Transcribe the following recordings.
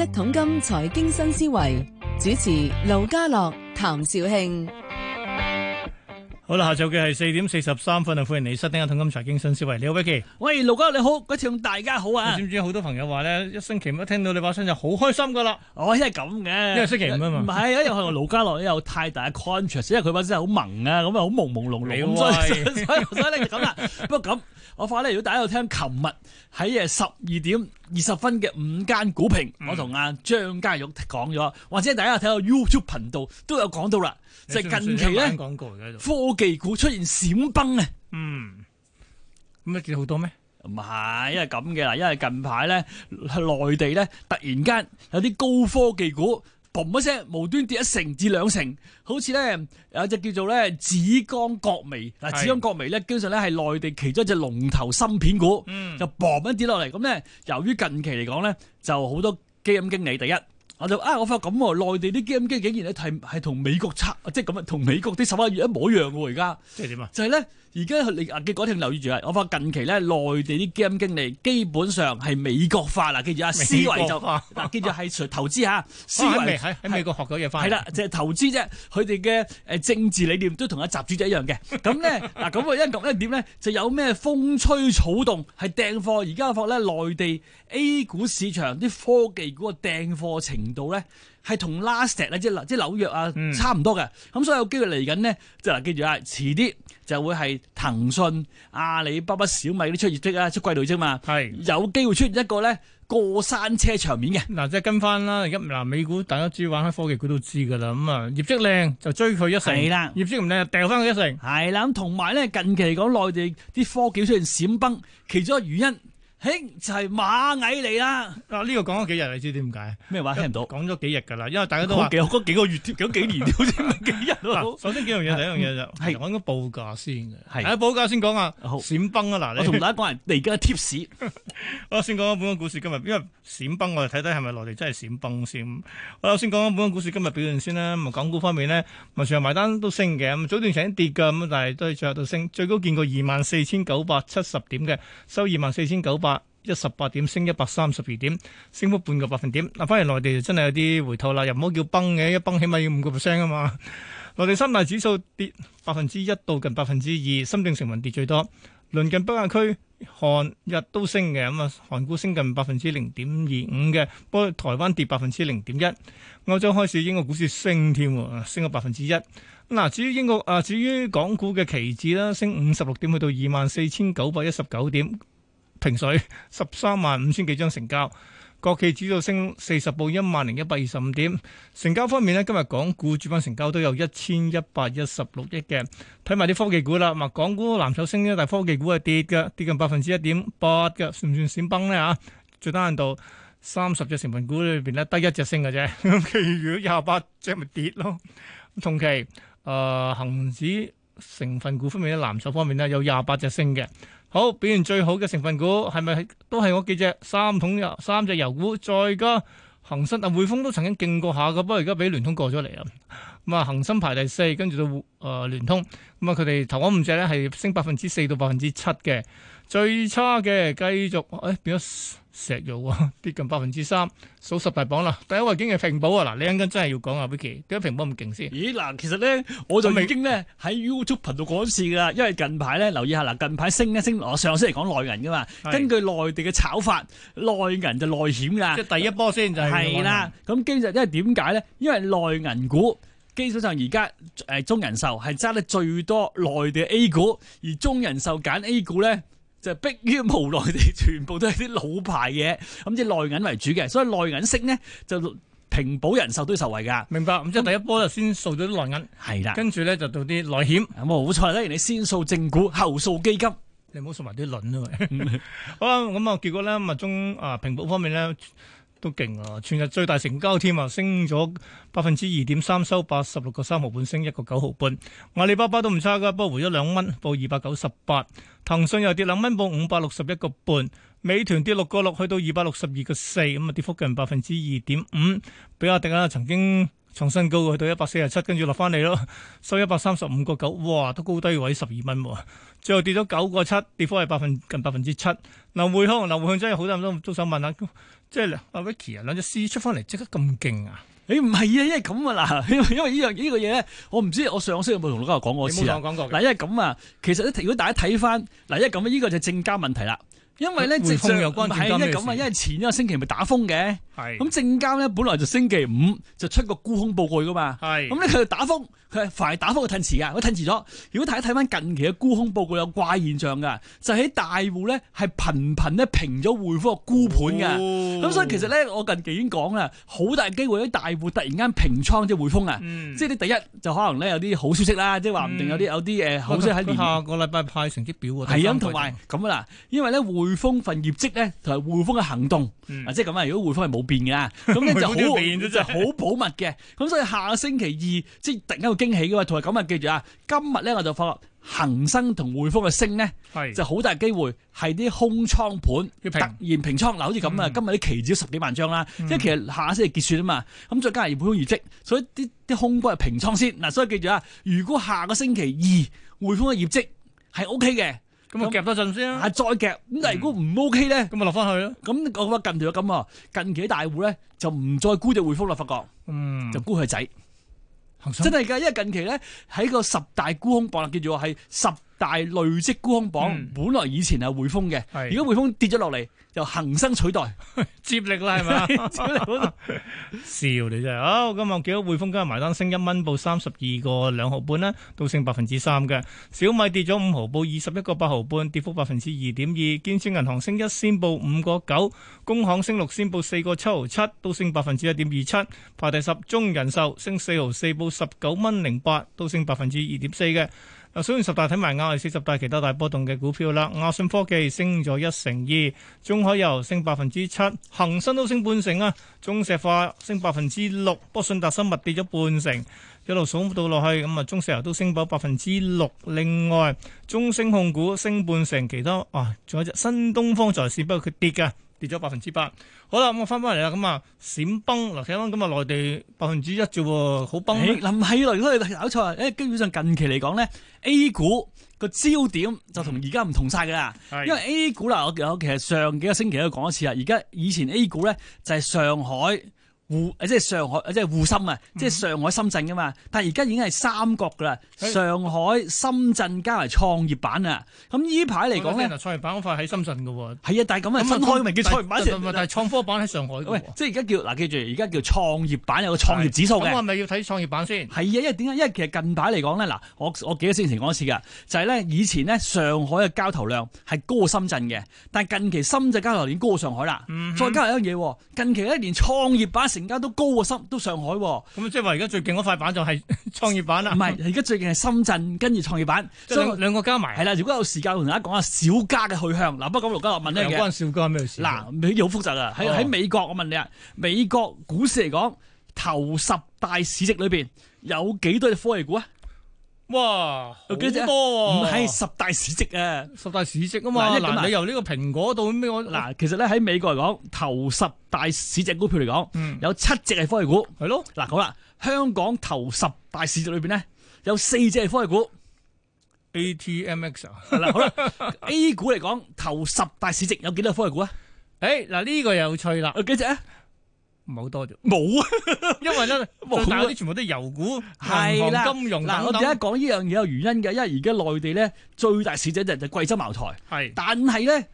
一桶金財經新思維主持盧家樂、譚紹興，好啦，下晝嘅係四點四十三分啊！歡迎你收聽一桶金財經新思維，你好，威記，喂，盧家樂你好，嗰次大家好啊！你知唔知好多朋友話咧，一星期一聽到你把聲就好開心噶啦？我係咁嘅，因為星期五啊嘛，唔係啊，因為盧家樂有太大嘅 contrast，因為佢把聲好萌啊，咁啊好朦朦朧朧。所所以，你 不過咁，我話咧如果大家有聽，琴日喺誒十二點二十分嘅五間股評，我同阿張家玉講咗，或者大家有睇到 YouTube 頻道都有講到啦，就是、近期咧科技股出現閃崩啊！嗯，咁咪見好多咩？唔係，因為咁嘅啦，因為近排咧內地咧突然間有啲高科技股。嘣一聲，無端跌一成至兩成，好似咧有隻叫做咧紫光國微嗱，紫光國微咧基本上咧係內地其中一隻龍頭芯片股，嗯、就嘣一跌落嚟。咁咧，由於近期嚟講咧，就好多基金經理，第一我就啊、哎，我發覺咁喎，內地啲基金經理竟然咧係同美國差，即係咁啊，同美國啲十一月一模一樣喎，而家即係點啊？就係、是、咧。而家結果請留意住啊！我發覺近期咧，內地啲基金經理基本上係美國化啦。記住啊，思維就，記住係投資吓，思維喺喺美國學咗嘢翻。係啦，就係投資啫。佢哋嘅誒政治理念都同阿習主席一樣嘅。咁咧嗱，咁啊，我一講一點咧，就有咩風吹草動，係掟貨。而家我發咧，內地 A 股市場啲科技股嘅掟貨程度咧。係同 l a s t 啊，即係即係紐約啊，差唔多嘅。咁所以有機會嚟緊呢，即係嗱，記住啊，遲啲就會係騰訊、阿里巴巴、爸爸小米啲出業績啊，出季度啫嘛。係有機會出現一個咧過山車場面嘅。嗱、嗯，即、就、係、是、跟翻啦，而家嗱美股大家主要玩喺科技股都知㗎啦。咁啊業績靚就追佢一成，業績唔靚就掉翻佢一成。係啦，咁同埋咧近期嚟講，內地啲科技出現閃崩，其中一個原因，就係螞蟻嚟啦！嗱、啊，呢、這個講咗幾日，你知點解？咩話聽唔到？講咗幾日噶啦，因為大家都話嗰幾個月，嗰 幾年好似唔係幾好。首先幾樣嘢、嗯，第一樣嘢就係我應該報價先嘅，係啊，報價先講啊。好閃崩啊！嗱，你同大家講下，而家貼士。我先講翻本港股市今日，因為閃崩，我哋睇睇係咪內地真係閃崩先。我先講翻本港股市今日表現先啦。咁啊，港股方面呢，咪全日埋單都升嘅，咁早段成日跌噶，咁但係都係最後都升，最高見過二萬四千九百七十點嘅，收二萬四千九百。一十八點，升一百三十二點，升幅半個百分點。嗱，反而內地就真係有啲回頭啦，又唔好叫崩嘅，一崩起碼要五個 percent 啊嘛。內地三大指數跌百分之一到近百分之二，深圳成分跌最多。鄰近北亞區韓日都升嘅，咁啊韓股升近百分之零點二五嘅，不過台灣跌百分之零點一。歐洲開市英國股市升添，升咗百分之一。嗱，至於英國啊，至於港股嘅期指啦，升五十六點去到二萬四千九百一十九點。平水，十三萬五千幾張成交。國企指數升四十報，一萬零一百二十五點。成交方面咧，今日港股主板成交都有一千一百一十六億嘅，睇埋啲科技股啦。咪港股藍籌升嘅，但係科技股係跌嘅，跌近百分之一點八嘅，算唔算閃崩咧啊？最低限度三十隻成分股裏邊咧，得一隻升嘅啫。咁其餘廿八隻咪跌咯。同期，誒、呃、恒指成分股方面咧，藍籌方面咧，有廿八隻升嘅。好表現最好嘅成分股係咪都係我幾隻三桶油三隻油股，再加恒生啊匯豐都曾經勁過下噶，不過而家俾聯通過咗嚟啊。咁、嗯、啊，恒生排第四，跟住到誒聯、呃、通。咁、嗯、啊，佢哋頭五隻咧係升百分之四到百分之七嘅。的最差嘅繼續，誒、哎、變咗石油喎，跌近百分之三，數十大榜啦。第一位竟係平保啊！嗱，你一陣間真係要講啊 Vicky 點解平保咁勁先？咦嗱，其實咧，我就已經咧喺 YouTube 頻道講咗次噶啦，因為近排咧留意下嗱，近排升一升，我上次嚟講內銀噶嘛。根據內地嘅炒法，內銀就內險㗎。即第一波先就係啦。咁其實因為點解咧？因為內銀股基本上而家中人壽係揸得最多內地 A 股，而中人壽揀 A 股咧。就是、迫於無奈地，全部都係啲老牌嘢，咁即係內銀為主嘅，所以內銀升呢，就平保人壽都受惠㗎。明白，咁即係第一波就先掃咗啲內銀，係、嗯、啦，跟住咧就到啲內險，好彩呢，你先掃正股，後掃基金，你唔、 嗯、 好掃埋啲輪啊！好啦，咁啊，結果咧物中啊、呃、平保方面咧。都勁啊！全日最大成交添啊，升咗百分之二點三，收八十六個三毫半，升一個九毫半。阿里巴巴都唔差噶，不過回咗兩蚊，報二百九十八。騰訊又跌兩蚊，報五百六十一個半。美團跌六個六，去到二百六十二個四，咁啊跌幅近百分之二點五，比亞迪啊曾經，從新高去到一百四十七，跟住落翻嚟咯，收一百三十五個九，哇，都高低位十二蚊喎。最後跌咗九個七，跌幅係百分近百分之七。劉梅香、劉梅向真係好多人都都想問下，即係阿 Vicky 啊，兩隻 C 出翻嚟，即刻咁勁啊？誒唔係啊，因為咁啊嗱，因為呢樣呢個嘢咧，我唔知我上星期有冇同老豆講過先啊。嗱，因為咁啊，其實如果大家睇翻嗱，因為咁啊，呢個就係正加問題啦。因為咧，即係關係咧咁啊，因為前一個星期咪打風嘅，咁證監咧本來就星期五就出個沽空報告噶嘛，咁咧佢打風，佢係凡係打風嘅，褪遲噶，佢褪遲咗。如果大家睇翻近期嘅沽空報告有怪現象噶，就喺、是、大戶咧係頻頻咧平咗回復個沽盤嘅。哦咁所以其實咧，我近期已經講啦，好大機會啲大戶突然間平倉即係匯豐啊、嗯！即係你第一就可能咧有啲好消息啦，即係話唔定有啲、嗯、有啲誒好消息喺下個禮拜派成績表喎。係啊，同埋咁啊啦，因為咧匯豐份業績咧同埋匯豐嘅行動、嗯、即係咁啊！如果匯豐係冇變嘅，咁、嗯、咧就好 就好保密嘅。咁 所以下星期二即係突然間有驚喜嘅嘛，同埋咁啊記住啊，今日咧我就發。恒生同匯豐嘅升咧，就好大機會係啲空倉盤要突然平倉。嗱，好似咁啊，今日啲期指十幾萬張啦、嗯，即係其實下星期結算啊嘛。咁再加上匯豐業績，所以啲啲空股係平倉先。嗱，所以記住啊，如果下個星期二匯豐嘅業績係 O K 嘅，咁啊夾多陣先啊再夾，咁但係如果唔 O K 咧，咁啊落翻去啦。咁講翻近段咁啊，近期，近期大戶咧就唔再沽住匯豐啦，發覺嗯，就沽佢仔。真係㗎，因為近期咧喺個十大沽空博，叫做係十。大累積沽空榜，嗯，本來以前係匯豐嘅，如果匯豐跌咗落嚟，就恒生取代接力啦，係咪？笑你真係，好 咁、 哦、我記得匯豐今日埋單升一蚊，報三十二個兩毫半啦，都升百分之三嘅。小米跌咗五毫，報二十一個八毫半，跌幅百分之二點二。建設銀行升一先，報五個九，工行升六先，報四個七毫七，都升百分之一點二七。排第十，中人壽升四毫四，報十九蚊零八，都升百分之二點四嘅。雖然十大睇埋亞，四十大其他大波動嘅股票啦。亞信科技升咗一成二，中海油升百分之七，恒生都升半成啊。中石化升百分之六，波信達生物跌咗半成，一路數到落去咁啊。中石油都升到百分之六。另外，中星控股升半成，其他啊，仲有隻新東方在線，不過佢跌嘅。跌咗百分之八，好啦，咁我翻翻嚟啦，咁啊閃崩，嗱睇翻咁啊內地百分之一啫喎，好崩。嗱唔係嚟都係搞錯啊！誒基本上近期嚟講咧，A 股個焦點就同而家唔同晒噶啦，因為 A 股啦，我我其實上幾個星期都講一次啊，而家以前 A 股咧就係上海。滬即係上海，即係滬深啊！即係上海、深圳㗎嘛，嗯、但係而家已經係三國㗎啦。上海、深圳加埋創業板啊！咁、欸、呢排嚟講咧，創業板嗰塊喺深圳㗎喎。係啊，但係咁啊，新開咪叫創業板成？係，但係創科板喺上海喂、嗯，即係而家叫嗱、啊，記住，而家叫創業板有個創業指數嘅。咁我咪要睇創業板先。係啊，因為點解？因為其實近排嚟講咧，嗱，我我幾多先前講一次㗎，就係、是、咧以前咧上海嘅交投量係高過深圳嘅，但係近期深圳交投量已經高過上海啦、嗯。再加埋一樣嘢，近期一年創業板突然都高過深，都上海咁，即係話而家最勁嗰塊板就係創業板啦、啊。唔係，而家最勁係深圳，跟住創業板，兩，所以兩個加埋係啦。如果有時間，同大家講下小家嘅去向嗱。不過我盧家樂問一有關小家咩事？嗱、啊，呢啲好複雜啊。喺、哦、喺美國，我問你啊，美國股市嚟講，頭十大市值裏邊有幾多隻科技股啊？哇，有幾多？唔係十大市值啊，十大市值啊嘛。嗱，你由呢個蘋果到咩？嗱，其實咧，喺美國嚟講，頭十大市值股票嚟講，有七隻係科技股，係咯。嗱，好啦，香港頭十大市值裏邊咧，有四隻係科技股。ATMX，嗱、啊、 好啦，A 股嚟講，頭十大市值有幾多科技股啊？誒、哎，嗱、這、呢個有趣啦，有幾隻啊？唔係好多啫，冇啊！因為咧、啊，最大嗰啲全部都係油股、銀、啊、行，行、金融等等、等嗱，我而家講呢樣嘢有原因嘅，因為而家內地咧最大市值就係貴州茅台。係，但係咧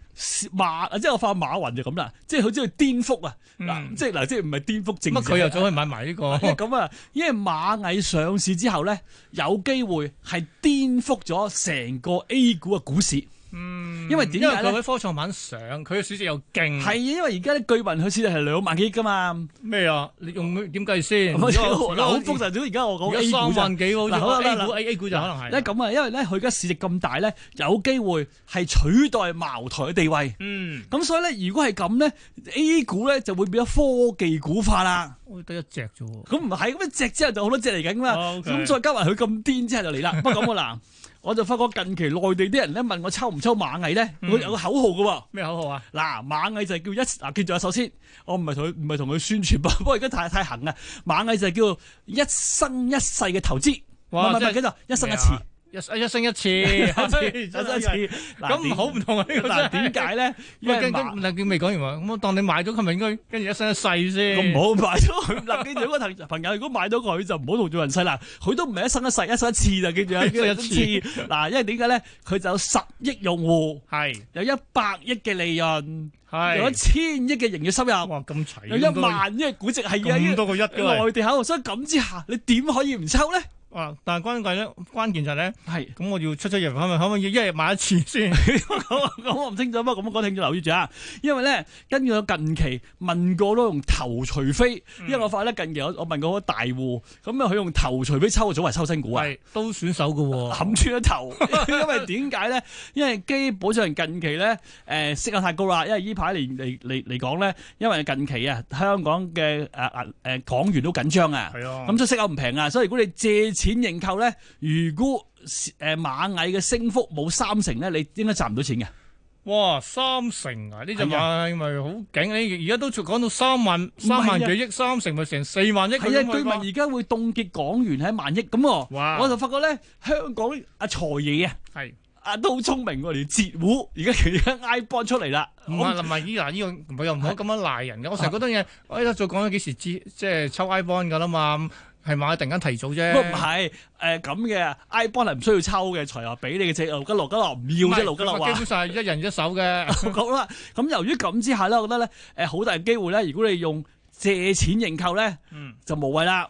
馬即係我話馬雲就咁啦，即係佢只係顛覆啊！嗱、嗯，即係嗱，即係唔係顛覆政治？佢又走去買埋、這、呢個咁啊！因為螞蟻上市之後咧，有機會係顛覆咗成個 A 股嘅股市。嗯，因為點解咧？因為佢喺科創板上，佢嘅市值又勁。係啊，因為而家啲巨文，佢市值係兩萬幾億噶嘛。咩啊？你用點計先？好複雜。而家我講 A 股就三萬幾喎。A 股 A A 股就可能係。咧咁啊，因為咧佢而家市值咁大咧，有機會係取代茅台嘅地位。嗯。咁所以咧，如果係咁咧，A 股咧就會變咗科技股化啦。得一隻啫喎，咁唔係，咁一隻之後就好多隻嚟緊啦。咁、oh, okay. 再加埋佢咁癲之後就嚟啦。不過咁噶啦， 我就發覺近期內地啲人咧問我抽唔抽螞蟻咧，我、嗯、有個口號噶喎、啊。咩口號啊？嗱，螞蟻就係叫一嗱，記住啊。首先，我唔係同佢唔係同佢宣傳噃，不過而家太太行啊。螞蟻就係叫一生一世嘅投資，唔係唔係，跟住「一生一次。一一生一次，一生一次，咁好唔同啊！嗱，點解咧？因為林建未講完話，咁我當你買咗佢咪應該跟住一生一世先。唔好買咗佢，林建如果同朋友如果買咗佢就唔好同做人世啦。佢都唔係一生一世，一生一次就記住一次。嗱，因為點解咧？佢有十億用戶，係有一百億嘅利潤，係有一千億嘅營業收入，哇咁齊，有一萬億估值係廿億，咁多個一㗎嘛。內地客戶所以咁之下，你點可以唔抽咧？但係關鍵咧，關鍵就係咧，係咁我要出出入入可唔可？可唔可以一日買一次先？咁 我唔清楚，乜咁嘅講聽住留意住啊！因為咧，跟住我近期問過都用頭除飛、嗯，因為我發覺咧近期我我問過好多大戶，咁啊佢用頭除飛抽咗為抽新股啊，都選手嘅喎，冚住咗頭。因為點解咧？因為基本上近期咧，誒息口太高啦，因為呢排嚟嚟嚟嚟講咧，因為近期，為近期啊，香港嘅誒誒港元都緊張啊，咁、啊嗯、所以息口唔平啊，所以如果你借錢。錢認購咧，如果誒螞蟻嘅升幅冇三成咧，你應該賺唔到錢嘅。哇，三成啊！呢隻咪好勁，而而家都講到三萬三萬幾億，三成咪成四萬億咁樣。係啊，居民而家會凍結港元喺一萬億咁喎。哇！我就發覺咧，香港啲阿財爺啊，係啊都好聰明喎，連截胡而家突然間 iBond 出嚟啦。唔係，唔係依嗱依樣我又唔好咁樣賴人嘅。我成日覺得嘢，我依家再講咗幾時知即係抽 iBond 嘅啦嘛。我係嘛？突然間提早啫、嗯。不過唔係，誒咁嘅，I bond 係唔需要抽嘅，除咗俾你嘅借、哦、路吉路吉路唔要啫，路吉路，路，路基本上係一人一手嘅。 好啦，咁由於咁之下咧，我覺得咧，誒好大機會咧，如果你用借錢認購咧、嗯，就無謂啦。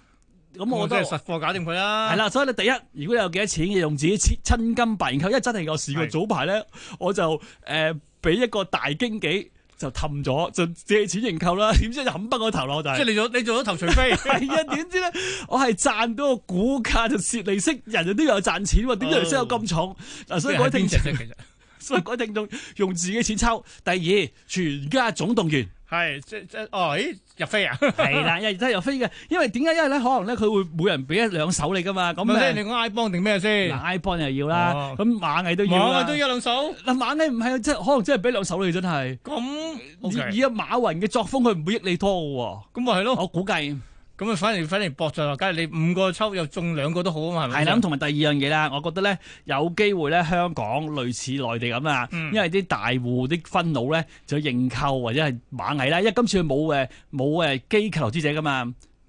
咁我都係實貨搞掂佢啦。係啦，所以你第一，如果你有幾多錢，用自己真金白銀認購，因為真係有試過早排咧，我就誒俾、呃、一個大經紀。就氹咗，就借錢認購啦，點知就冚崩個頭咯， 就係即係你做你做咗頭除飛，係啊？點知咧？我係賺到個股價就蝕利息，人人都有賺錢喎，點知利息有咁重？嗱、哦，所以各位聽者，所以各位聽眾用自己錢抽。 第二，全家總動員，係即即哦，入飛啊，係啦，因為真係入飛嘅，因為點解因為咧？可能咧佢會每人俾一兩手你噶嘛，咁即係你講 iBond 定咩先？iBond 又要啦，咁螞蟻都要啦，螞蟻都要兩手。嗱，螞蟻唔係啊，即係可能真係俾兩手你，真係。咁而家阿馬雲嘅作風，佢唔會益你拖嘅喎。咁咪係咯，我估計。咁啊，反而反而搏咗落，假如你五個抽又中兩個都好啊，係咪？係咁同埋第二樣嘢啦，我覺得咧，有機會咧，香港類似內地咁啊、嗯、因為啲大戶啲分腦咧就認購或者係螞蟻啦，因為今次佢冇誒冇誒機構投資者噶嘛，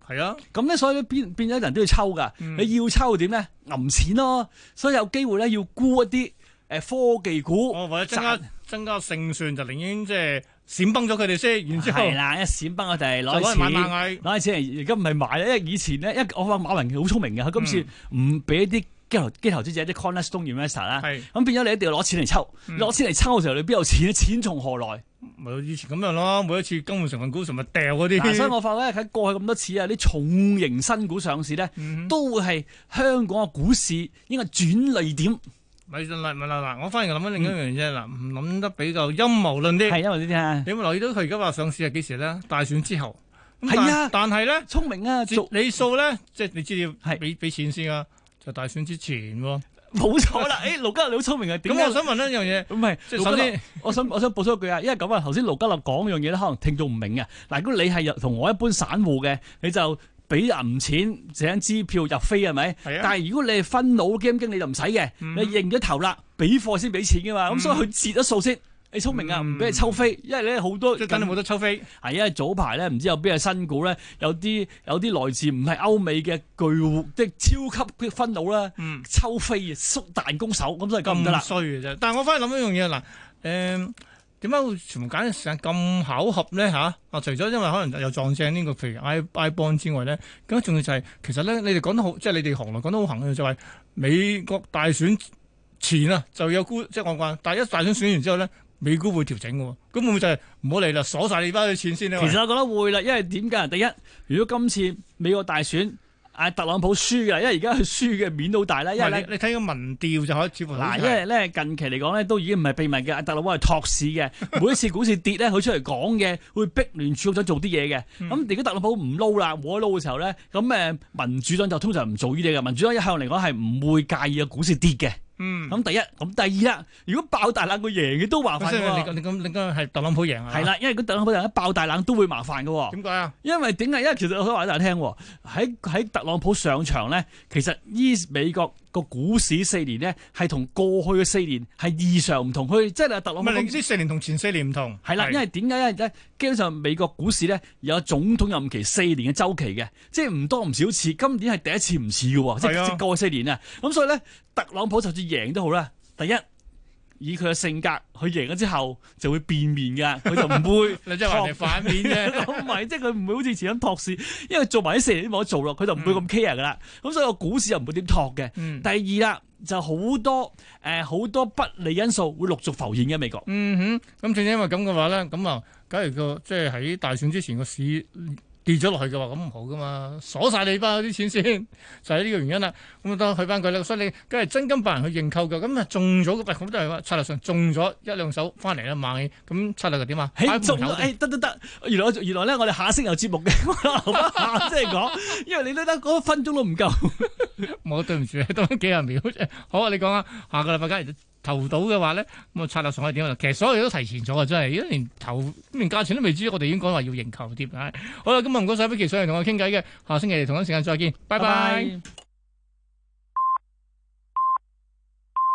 係、嗯、啊。咁咧所以變變咗人都要抽噶，嗯、你要抽點咧？揞錢咯，所以有機會咧要沽一啲誒科技股、哦，或者增加增加勝算就寧願即係。閃崩咗佢哋先，然之後係啦、嗯，一閃崩我哋攞錢，攞錢而而家唔係買啦，因為以前咧，一我話馬雲好聰明嘅，今次唔俾啲機投機投資者啲、嗯、cornerstone investor 啦，咁變咗你一定要攞錢嚟抽，攞、嗯、錢嚟抽嘅時候你邊有錢咧？錢從何來？咪以前咁樣咯，每一次更換成分股成日掉嗰啲。嗱，新、啊、我發覺咧喺過去咁多次啊，啲重型新股上市咧、嗯，都會係香港嘅股市應該轉利點。咪就係咪啦嗱，我反而諗翻另一樣嘢啦，諗得比較陰謀論啲。係啊，呢啲啊，你有冇留意到佢而家話上市係幾時咧？大選之後。係啊。但係咧，聰明啊，做你數咧，即係你知要俾俾錢先啊，就大選之前喎。冇錯啦，誒，盧家立你好聰明啊。咁我想問一樣嘢。唔係，即係首先，我想我想補充一句啊，因為咁啊，頭先盧家立講樣嘢咧，可能聽眾唔明啊。嗱，如果你係同我一般散戶嘅，你就。俾銀錢整支票入飛係咪？啊、但係如果你係分佬 game 經理就唔使嘅，你認咗頭啦，俾貨先俾錢噶嘛。咁、嗯、所以佢截咗數先。你聰明啊，唔、嗯、俾你抽飛，因為你好多即係等你冇得抽飛。係因為早排咧，唔知有邊個新股咧，有啲有啲來自唔係歐美嘅巨戶，即係超級分佬啦，嗯、抽飛縮彈攻手咁都係咁得啦。衰嘅真。但係我翻去諗一樣嘢啦，誒、嗯。點解會全部揀啲時間咁巧合咧吓，啊，除咗因為可能又撞正呢、這個肥 I bond 之外咧，咁重要就係、是、其實咧，你哋講得好，即、就、係、是、你哋行內講得好行嘅，就係、是、美國大選前啊，就有沽，即係我講話，但係一大選選完之後咧，美股會調整嘅喎，咁會唔會就係唔好嚟啦，了把鎖晒你班錢先。其實我覺得會啦，因為點解？第一，如果今次美國大選啊，特朗普輸嘅，因為而家佢輸嘅面都好大啦。因為咧你睇個民調就可以。嗱，因為咧近期嚟講咧都已經唔係秘密嘅，特朗普係托市嘅。每一次股市跌咧，佢 出嚟講嘅會逼聯儲局做啲嘢嘅。咁、嗯、如果特朗普唔撈啦，冇得撈嘅時候咧，咁誒民主黨就通常唔做呢啲嘢嘅。民主黨一向嚟講係唔會介意啊股市跌嘅。嗯，咁第一，咁第二啦。如果爆大冷贏會，佢贏嘅都麻煩。咁你咁你咁係特朗普贏啊？係啦，因為佢特朗普一爆大冷都會麻煩嘅。點解啊？因為點解？因為其實我可以話俾大家聽喎，喺喺特朗普上場咧，其實依美國。個股市四年咧，係同過去嘅四年係異常唔同，佢即係特朗普。唔係四年同前四年唔同。係啦，因為點解因為咧？基本上美國股市咧有總統任期四年嘅周期嘅，即係唔多唔少次。今年係第一次唔似嘅喎，即係過去四年啊。咁所以咧，特朗普就算贏都好啦。第一。以佢嘅性格，佢贏咗之後就會變面噶，佢就唔會即係話嚟反面嘅。 唔係，即係佢唔會好似前咁托市，因為做埋啲四年都冇得做咯，佢就唔會咁 care 噶啦。咁、嗯、所以個股市又唔會點托嘅。嗯、第二啦，就好多誒，好、呃、多不利因素會陸續浮現嘅美國。嗯哼，咁正因為咁嘅話咧，咁啊，假如個即係喺大選之前個市。跌咗落去嘅話，咁唔好噶嘛，鎖晒你班嗰啲錢先，就係呢個原因啦。咁啊，去翻佢啦。所以你梗係真金白銀去認購嘅，咁啊中咗，唔係咁都係喎。策略上中咗一兩手翻嚟啦買，咁策略又點啊？中門得得得，原來原來咧，我哋下星有節目嘅，呵呵 即係講，因為你都得嗰分鐘都唔夠。 我對唔住，多幾廿秒好啊，你講下。下個禮拜假如投到嘅話咧，我策略上去點啊？其實所有都提前咗啊，真係。因為連投連價錢都未知，我哋已經講話要迎球跌。好啦，咁啊唔該曬，飛奇上嚟同我傾偈嘅。下星期同一時間再見。拜拜。Bye bye。